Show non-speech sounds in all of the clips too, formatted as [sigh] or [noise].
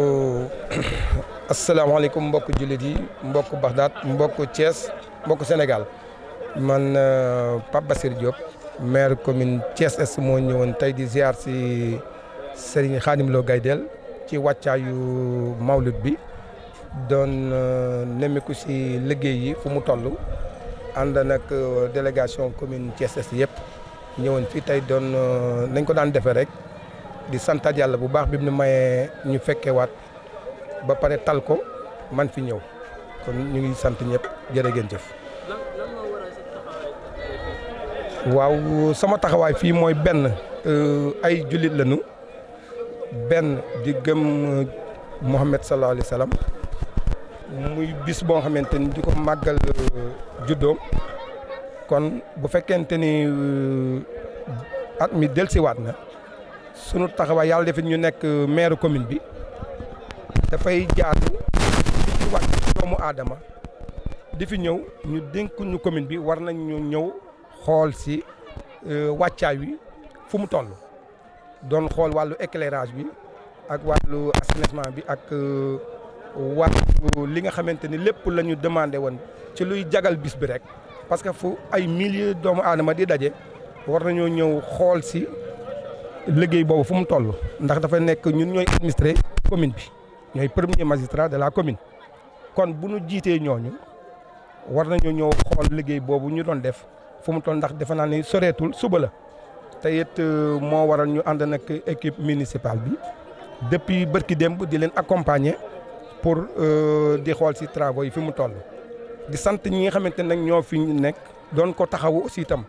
Euh, [coughs] asalaamaaleykum mbokk jullit yi mbokk Baxdaad mbokk Thiès mbokk Sénégal man euh, Pape Bassir Diop maire commune Thiès Est moo ñëwoon tey di ziar si Serigne Khadim Lo Gaydel ci wàccaayu mawlud bi doon euh, nemiku si liggéey yi fu mu toll ànd nag délégation commune Thiès Est yëpp ñëwoon fii tey doon nañ ko daan defee rek. di santaat yàlla bu baax bi mu mayee ñu fekkee waat ba pare tal ko man fi ñëw kon ñu ngi sant ñëpp jërë ngeen jëf. waaw sama taxawaay fii mooy benn euh, ay jullit lañu benn di gëm euh, Muhammad sallallahu alayhi wa muy bis boo xamante ni di ko màggal euh, juddoom kon bu fekkente ni at mi delsiwaat na. sunu taxawaay yàlla defit ñu nekk euh, maire commune bi dafay jaadu li ci wàcc doomu aadama di fi ñëw ñu dénk commune bi war nañ ñu ñëw xool si euh, wàccaay wi fu mu toll doon xool wàllu éclairage bi ak wàllu assainissement bi ak euh, wàllu li nga xamante ni lépp la ñu demandé woon ci luy jagal bis bi rek parce que fu ay milliers doomu aadama di daje war nañoo ñëw xool si liggéey boobu fu mu toll ndax dafa nekk ñun ñooy administré commune bi ñooy premier magistrat de la commune kon bu ñu jiitee ñooñu war nañu ñëw xool liggéey boobu ñu doon def fu mu toll ndax defe naa ni soreetul suba la te it euh, moo waral ñu ànd nag équipe municipale bi depuis bërki démb di leen accompagner pour euh, di xool si travaux yi fi mu toll di sant ñi nga xamante nag ñoo fi ñu nekk doon ko taxawu aussi itam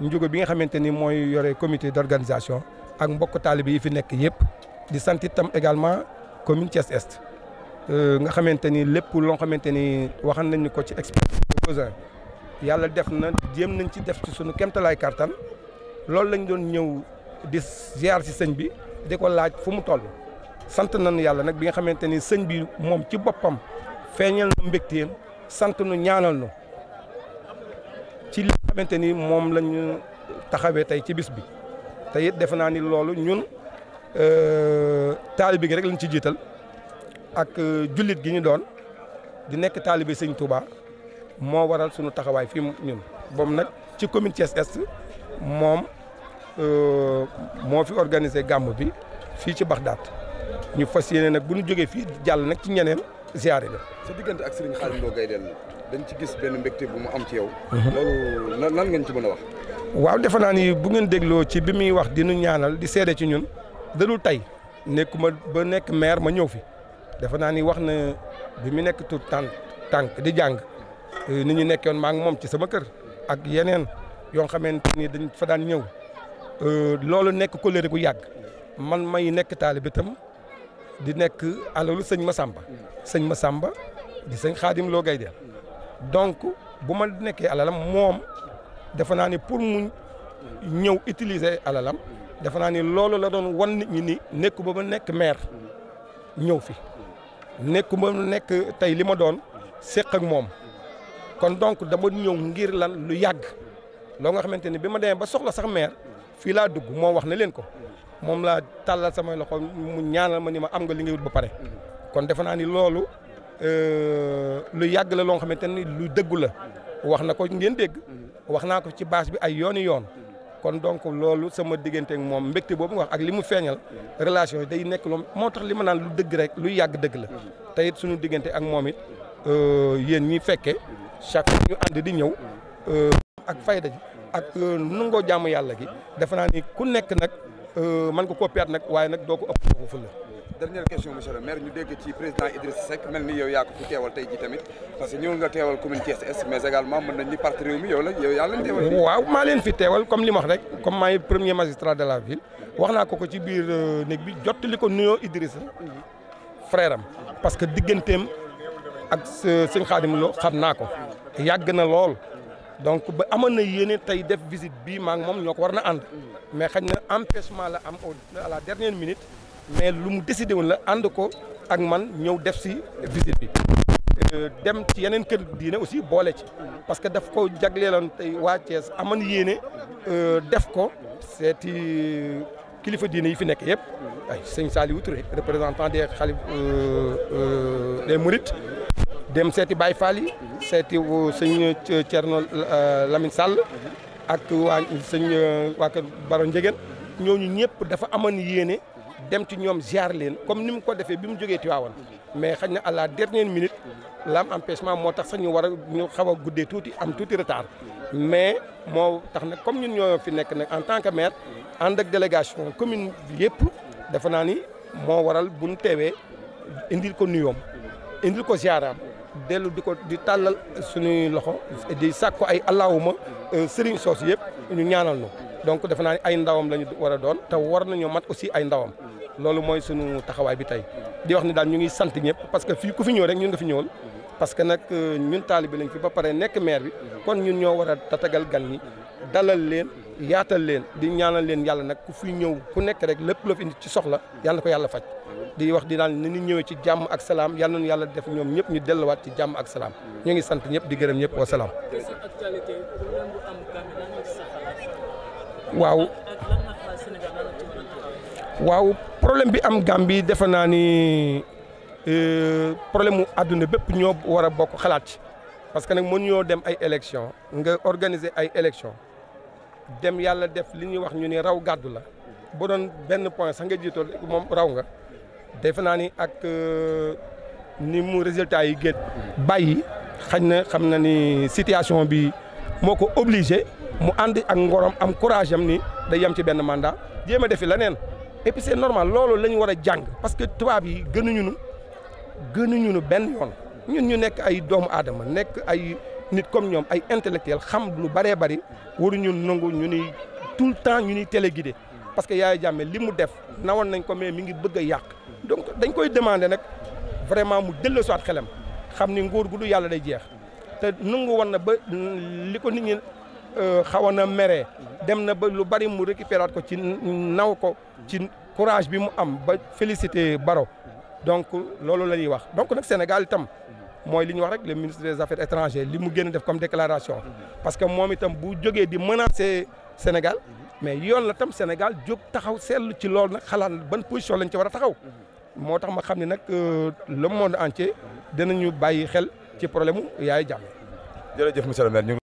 njugo bi nga xamante ni mooy yore comité d'organisation ak mbokk taalibe yi fi nekk yëpp di sant itam également commune Thiès Est euh, nga xamante ni lépp loo xamante ni waxan nañ ko ci expert besoin yàlla def na jéem nañ ci def ci sunu kemtalaay kartan loolu lañ doon ñëw di ziar ci sëñ bi di ko laaj fu mu toll sant nañu yàlla nag bi nga xamante ni sëñ bi moom ci boppam feeñal na mbégteem sant nu ñaanal nu ci li nga xamante ni moom la ñu taxawee tey ci bis bi te it defe naa ni loolu ñun euh, taalibe gi rek lañ ci jiital ak euh, jullit gi ñu doon di nekk taalibe sëñ Touba moo waral sunu taxawaay fii ñun boobu nag ci commune Thiès Est moom euh, moo fi organisé gàmm bi fii ci Baxdaat ñu fas yéene nag bu ñu jógee fii jàll nag ci ñeneen. ziare la. sa diggante ak Serigne Khadim Lo Gaydel dañ ci gis benn mbégte bu mu am ci yow. Mhm. loolu nan nan ngeen ci mën a wax. waaw defe naa ni bu ngeen dégloo ci bi muy wax dinu ñaanal di seede ci ñun dadul tey nekkuma ba nekk maire ma ñëw fi defe naa ni wax na bi mu nekk tout tànk tànk di jàng eh, ni ñu nekkoon maa ngi moom ci sama kër ak yeneen yoo xamante ni dañ fa daan ñëw eh, loolu nekk kóllëre gu yàgg man may nekk taalibe itam di nekk alalu sëñ ma sàmba sëñ ma Masamba di sëñ Xaadim Lo Gaydel donc bu ma nekkee alalam moom defe naa ni pour mu ñëw utiliser alalam defe naa ni loolu la doon wan nit ñi ni nekku ba ma nekk maire ñëw fi nekku ba ma nekk tey li ma doon séq ak moom kon donc dama ñëw ngir lan lu yàgg loo nga xamante ni bi ma demee ba soxla sax maire fii laa dugg moo wax na leen ko moom laa tàllal samay loxo mu ñaanal ma ni ma am nga li nga wut ba pare. kon defe naa ni loolu euh, lu yàgg la loo xam xamante ni lu dëggu la wax na ko ngeen dégg. wax naa ko ci bâche bi ay yooni yoon. kon donc loolu sama digganteek moom mbégte boobu nga wax ak li mu feeñal relation yi day nekk loolu moo tax li ma naan lu dëgg rek lu yàgg dëgg la te suñu diggante ak moom it euh, yéen ñi fekke chaque ñu ànd di ñëw euh, ak fayda ji ak nungoo jaamu yàlla gi defe naa Euh, man ko koppiwaat nag waaye nag doo ko ëpp foofu fële. dernière question monsieur le maire ñu dégg ci président Idriss Seck mel ni yow yaa ko fi teewal tey jii tamit parce que ñëw nga teewal commune Thiès également mën nañ ni parti réew mi yow la yow yaa leen teewal. li naa ko ko ci biir euh, néeg bi jottali ko nuyoo Idrissa frère am parce que digganteem ak euh, sëñ Xaadim Lo xam naa ko yàgg na lool. donc ba amoon na yéene tey def visite bii maa moom ñoo ko war na ànd mais xañ na empêchement la am au à la dernière minute mais lu mu décidé woon la ànd ko ak man ñëw def si visite bi euh, dem ci yeneen kër diine aussi boole ci parce que daf ko jagleeloon tey waa Thiès aman yéene euh, def ko seeti kilifa diine yi fi nekk yëpp ay sëñ Saliou Touré représentant des xalif euh, des mourides dem seeti Baye Fall yi seeti sëñ euh, Thierno euh, Lamine Sall ak waa sëñ euh, waa kër Baro Njegen ñooñu ñëpp dafa amoon yéene dem ci ñoom ziar leen comme ni mu ko defee bi mu jógee Tiwaawan mais xañ na à la dernière minute la am moo tax sax ñu war ñu xaw a guddee tuuti am tuuti retard mais moo tax nag comme ñun ñoo fi nekk nag en tant que maire ànd ak délégation commune bi yëpp dafa naa ni moo waral bu ñu teewee indil ko nuyoom indil ko ziaraam dellu di ko di tàllal suñuy loxo di sàkku ay allahuma euh, sëriñ soos yëpp ñu ñaanal ñu donc defe naa ni ay ndawam la ñu war a doon te war nañoo mat aussi ay ndawam loolu mooy suñu taxawaay bi tey di wax ni daal ñu ngi sant ñëpp parce que fii ku fi ñëw rek ñun nga fi ñëwal parce que nag euh, ñun taalibe lañ fi ba pare nekk maire bi kon ñun ñoo war a tatagal gan ñi dalal leen yaatal leen di ñaanal leen yàlla nag ku fi ñëw ku nekk rek lépp loo fi indi ci soxla yàlla ko yàlla faj di wax di naan ni ñu ñëwee ci jàmm ak salaam yal nañu yàlla def ñoom ñëpp ñu delluwaat ci jàmm ak salaam ñu ngi sant ñëpp di gërëm ñëpp wa waaw. problème bi am Gambie defe naa ni euh, problème mu àdduna bépp ñoo war a bokk xalaat ci parce que nag mënuñoo dem ay élection nga organiser ay élection dem yàlla def li ñuy wax ñu ni raw gàddu la ba doon benn point sax nga jiitoo moom raw nga defe naa ni ak euh, ni mu résultat yi gën bàyyi xañ na xam na ni situation bi moo ko obligé mu ànd ak ngorom am courage am ni day yem ci benn manda jéem a defi leneen et puis c'est normal loolu la ñu war a jàng parce que tubaab yi gënuñu nu gënuñu nu benn yoon ñun ñu nekk ay doomu aadama nekk ay nit comme ñoom ay intellectuel xam lu bëree bëri waruñu nangu ñu ni tout le temps ñu ni téléguidé parce que Yaya Jammeh li mu def nawoon nañ ko mais mi ngi bëgg a yàq donc dañ koy demander nag vraiment mu delloosiwaat xelam xam ni nguur gu du yàlla day jeex te nangu woon na ba li ko nit ñi euh, xawoon na meree dem na ba lu bari mu récupéraat ko ci naw ko ci courage bi mu am ba félicité Baro donc loolu la ñuy wax donc nag Sénégal itam mooy li ñu wax rek le ministre des affaires étrangères li mu gën a def comme déclaration parce que moom itam bu jógee di menacer Sénégal mhm. mais yoon la tam Sénégal jóg taxaw seetlu ci loolu nag xalaat ban position lañ ci war a taxaw mhm. moo tax ma xam ni nag euh, le monde entier mhm. ñu bàyyi xel ci problème mu Yaya Jammeh jërëjëf monsieur le maire